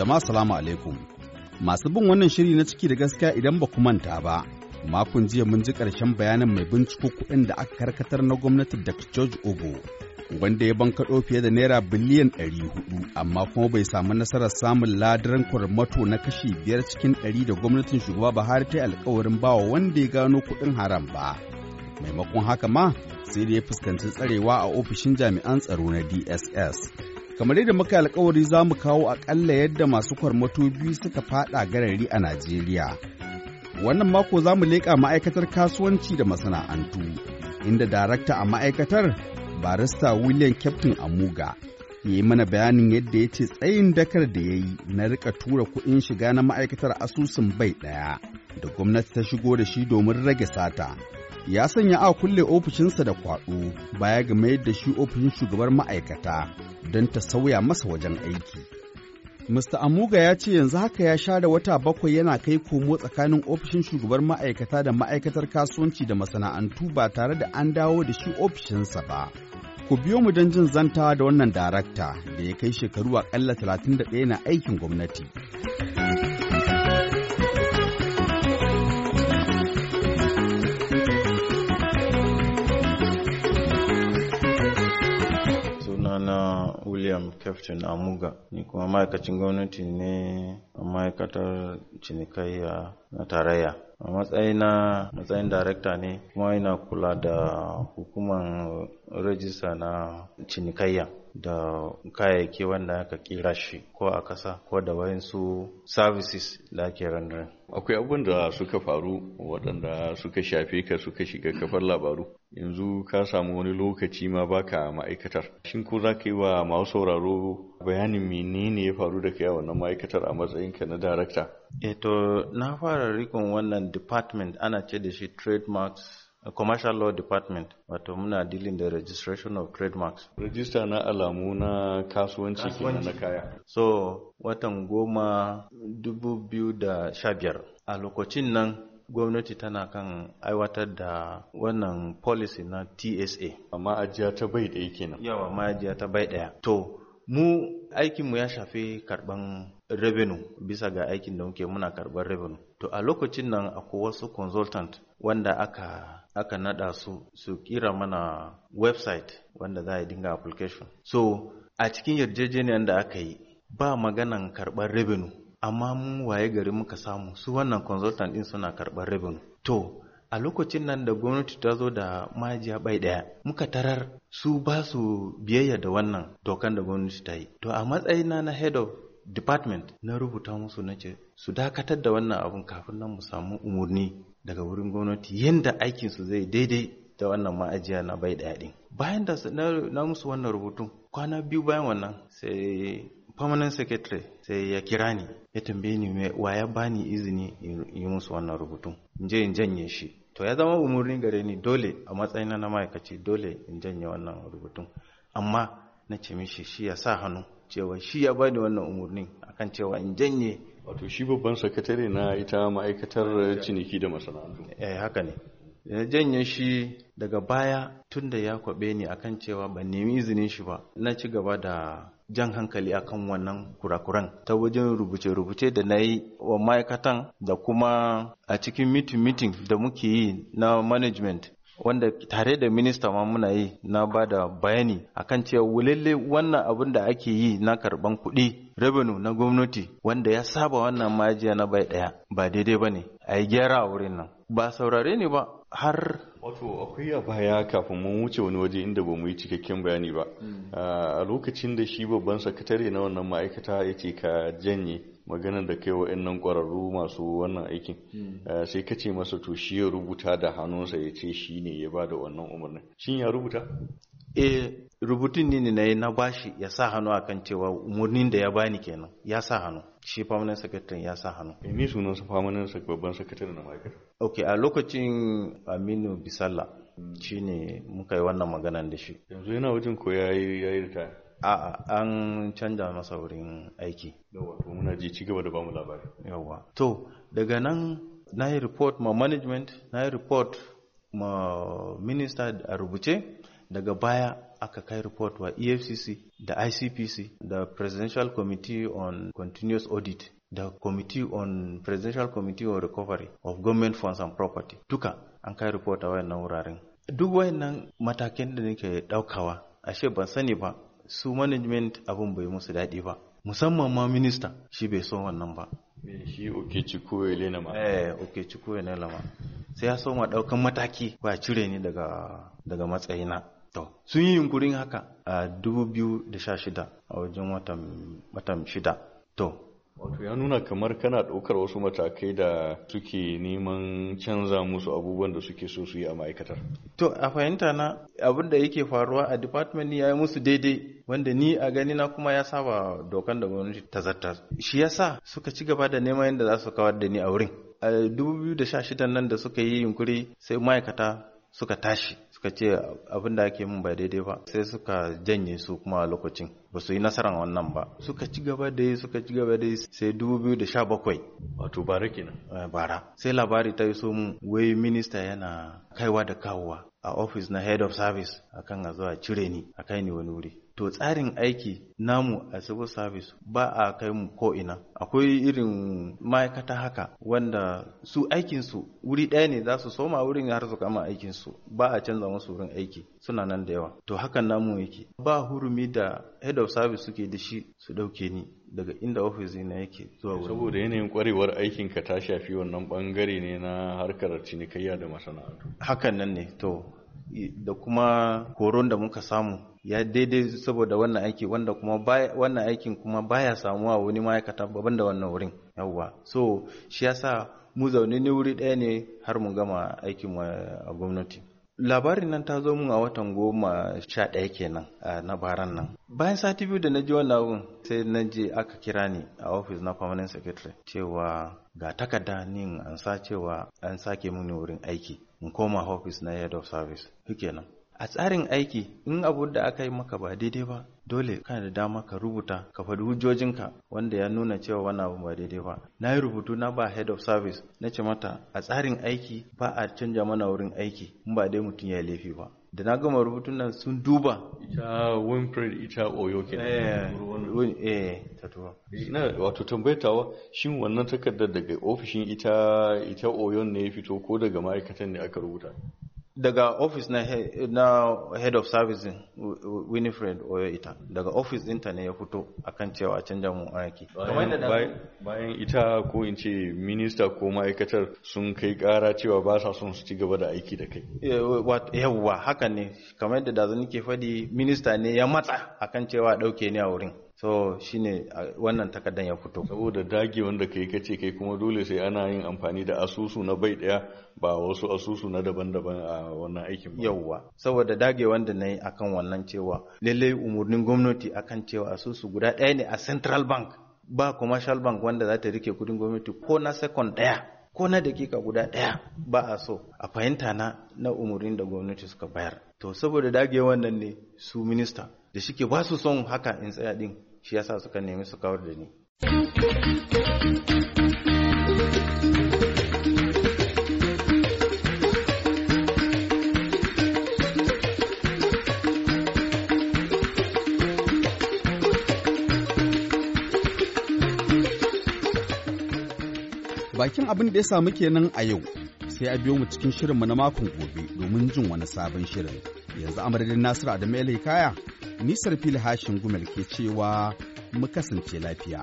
Jama'a salamu alaikum. Masu bin wannan shiri na ciki da gaskiya idan ba ku manta ba. Makon jiya mun ji karshen bayanin mai binciko kuɗin da aka karkatar na gwamnati da George Ogo. Wanda ya bankaɗo fiye da naira biliyan ɗari huɗu amma kuma bai samu nasarar samun ladaran kwarmato na kashi biyar cikin ɗari da gwamnatin shugaba ba Buhari ta yi alkawarin bawa wanda ya gano kuɗin haram ba. Maimakon haka ma sai da ya fuskanci tsarewa a ofishin jami'an tsaro na DSS. kamar yadda muka alkawari za mu kawo akalla yadda masu kwarmato biyu suka fada garari a najeriya wannan mako za mu leƙa ma'aikatar kasuwanci da masana'antu inda darakta a ma'aikatar barista william captain amuga ya yi mana bayanin yadda ya ce tsayin dakar da ya yi na rika tura kuɗin shiga na ma'aikatar asusun bai ɗaya da gwamnati ta shigo da shi domin rage sata ya sanya a kulle ofishinsa da kwaɗo baya ga mayar da shi ofishin shugabar ma'aikata don ta sauya masa wajen aiki. Mr. Amuga ya ce yanzu haka ya share wata bakwai yana kai komo tsakanin ofishin shugabar ma'aikata da ma'aikatar kasuwanci da masana'antu ba tare da an dawo da shi ofishinsa ba. Ku biyo mu don jin zantawa da wannan darakta da ya kai shekaru aƙalla ɗaya na aikin gwamnati. a Amuga, ni kuma ma'aikacin gwamnati ne a ma'aikatar cinikayya na tarayya. A matsayina matsayin darekta ne kuma ina kula da hukumar rajista na cinikayya. da kayayyaki wanda aka kira shi ko a ƙasa ko da wayansu services da ake rendering. Akwai abin da suka faru waɗanda suka shafe ka suka shiga kafar labaru. Yanzu ka samu wani lokaci ma baka ma'aikatar. Shin ko za ka yi wa masu sauraro bayanin menene ya faru da kai wannan ma'aikatar a matsayinka na darakta? Eto eh, na fara rikon wannan department ana ce da shi trademarks commercial law department wato muna dealing da registration of trademarks register na alamu na kasuwanci kenan na kaya so watan goma dubu biyu da sha biyar a lokacin nan gwamnati tana kan aiwatar da wannan policy na tsa amma ajiya ta bai ɗaya kenan yawa ajiya ta bai ɗaya to mu aikinmu ya shafi karban revenue bisa ga aikin da muke muna karɓar revenue to a lokacin nan akwai wasu consultant wanda aka aka nada su su kira mana website wanda za a dinga application so a cikin yarjejeniyar da aka yi ba maganan karɓar revenue amma mun waye gari muka samu su wannan consultant din suna karɓar revenue to a lokacin nan da gwamnati ta zo da majiya bai daya muka tarar su ba su biyayya da wannan dokan da gwamnati ta yi to a matsayina na head of department na rubuta musu na ce su dakatar da wannan abun kafin nan mu samu umarni daga wurin gwamnati yadda aikinsu zai daidai da wannan ma'ajiya na bai daya din bayan da na musu wannan rubutun kwana biyu bayan wannan sai permanent secretary sai ya kira ni ya tambaye ni wa ya bani izini yi musu wannan rubutun in je in janye shi to ya zama umurni gare ni dole a matsayina na ma'aikaci dole in janye wannan rubutun amma na ce mishi shi ya sa hannu cewa shi ya bani wannan umarnin akan cewa in janye wato shi babban sakatare na ita ma'aikatar ciniki da masana'antu eh haka ne ya janye shi daga baya tun da ya kwabe ni akan cewa ban nemi izinin shi ba na ci gaba da jan hankali akan wannan kurakuran ta wajen rubuce-rubuce da na yi wa ma'aikatan da kuma a cikin mitin-mitin da muke yi na management wanda tare da minista ma muna yi na ba da bayani akan cewa lalle wannan abin da ake yi na karban kuɗi revenue na gwamnati wanda ya saba wannan majiya na bai ɗaya ba daidai ba ne a yi gyara a wurin nan ba saurare ne ba har wato akwai a baya kafin mun wuce wani waje inda ba mu yi cikakken bayani ba hmm. a lokacin da shi babban sakatare na wannan ma'aikata ya ce ka janye maganar da kai wa'annan ƙwararru masu wannan aikin hmm. eh, sai ka ce masa to shi ya rubuta da hannunsa ya ce shi ne ya ba da wannan umarnin shin ya rubuta e rubutun ne na na bashi ya sa hannu akan cewa umarnin da ya bani kenan ya sa hannu shi famanin sakataren ya sa hannu e ni sunan sa babban sakataren na ma'aikata ok a lokacin Aminu Bisalla hmm. shine muka yi wannan maganan da shi yanzu yana wajen ko yayi yayi ritaya A'a an canza masa wurin aiki. Yawa, to muna ji ci gaba da bamu labari. Yawa. To, daga nan na yi report ma management, na yi report ma minista a rubuce, daga baya aka kai report wa EFCC da ICPC da Presidential Committee on Continuous Audit da Committee on Presidential Committee on Recovery of Government Funds and Property. Duka an kai report a wayannan wuraren. Duk wayannan matakin da nake daukawa, ashe ban sani ba su management abin bai musu daɗi ba musamman ma minista shi bai so wannan ba shi koya elena ma eh okechukwu elena ma sai ya so ma ɗaukan mataki ba cire ni daga daga matsayina to sun yi yunkurin haka a 2016 a wajen watan watan shida to wato ya nuna kamar kana ɗaukar wasu matakai da suke neman canza musu abubuwan da suke so su yi a ma'aikatar to a fahimta na abin da yake faruwa a department ya yi musu daidai wanda ni a gani na kuma ya saba dokan da gwamnati ta zarta shi yasa suka ci gaba da neman yadda za su kawar da ni a wurin a 2016 nan da suka yi yunkuri sai ma'aikata suka tashi suka ce abin da ake mun ba daidai ba sai suka janye su kuma a lokacin ba su yi nasarar wannan ba suka ci gaba da yi suka ci gaba da yi sai 2017 wato bara kenan eh, bara sai labari ta yi so mu wai minista yana kaiwa da kawowa a ofis na head of service akan a zuwa cire ni a kai ni wani wuri to tsarin aiki namu a civil service ba a kai mu ko ina akwai irin ma'aikata haka wanda su aikinsu wuri ɗaya ne za su soma wurin har su kama aikin ba a canza musu wurin aiki suna nan da yawa to hakan namu yake ba hurumi da head of service suke da shi su ɗauke ni daga inda ofis na yake zuwa wurin saboda yanayin kwarewar aikin ka ta shafi wannan bangare ne na harkar cinikayya da masana'antu hakan nan ne to da kuma koron da muka samu ya daidai saboda wannan aiki wanda kuma wannan aikin kuma baya samuwa wani ma'aikata babban da wannan wurin yawwa so shi yasa mu zaune ne wuri ɗaya ne har mu gama aikin eh, a gwamnati labarin nan ta zo mun a watan goma sha ɗaya kenan na baran nan bayan sati biyu da na ji wannan abin sai na je aka kira ni a ofis na permanent secretary cewa ga takarda ni an sa cewa an sake mini wurin aiki in koma ofis na head of service shikenan a tsarin aiki in abu da aka yi maka ba daidai ba dole kana da dama ka rubuta ka faɗi hujjojinka wanda ya nuna cewa wannan abu ba daidai ba na yi rubutu na ba head of service na ce mata a tsarin aiki ba a canja mana wurin aiki in ba dai mutum ya yi laifi ba da na gama rubutun nan sun duba ita winfred ita oyo ke eh, eh wato tambayatawa shin wannan takardar daga ofishin ita ita oyon ne ya fito ko daga ma'aikatan ne aka rubuta daga ofis na, he, na head of service winifred oyo ita daga ofis dinta ne ya fito akan cewa canjan mu aiki bayan ita ko in ce minista ko ma'aikatar sun kai kara cewa ba sa son su ci gaba da aiki da kai eh, yawwa haka ne kamar yadda da ke faɗi minista ne ya matsa akan cewa ɗauke ni a wurin so shi ne wannan takardar ya fito saboda dage wanda kai kace kai kuma dole sai ana yin amfani da asusu na bai daya ba wasu asusu na daban-daban a wannan aikin ba yauwa saboda dage wanda nayi akan wannan cewa lallai umurnin gwamnati akan cewa asusu guda daya ne a central bank ba commercial bank wanda za ta rike kudin gwamnati ko na second daya ko na dakika guda daya ba a so a fahimta na na umurnin da gwamnati suka bayar to saboda dage wannan ne su minista da shike ba su son haka in tsaya din shi yasa suka nemi su kawar da ni bakin abin da ya samu kenan a yau sai a biyo mu cikin shirinmu na makon gobe domin jin wani sabon shirin yanzu amadadin nasiru adamu kaya Nisar fili hashin gumel ke cewa mu kasance lafiya.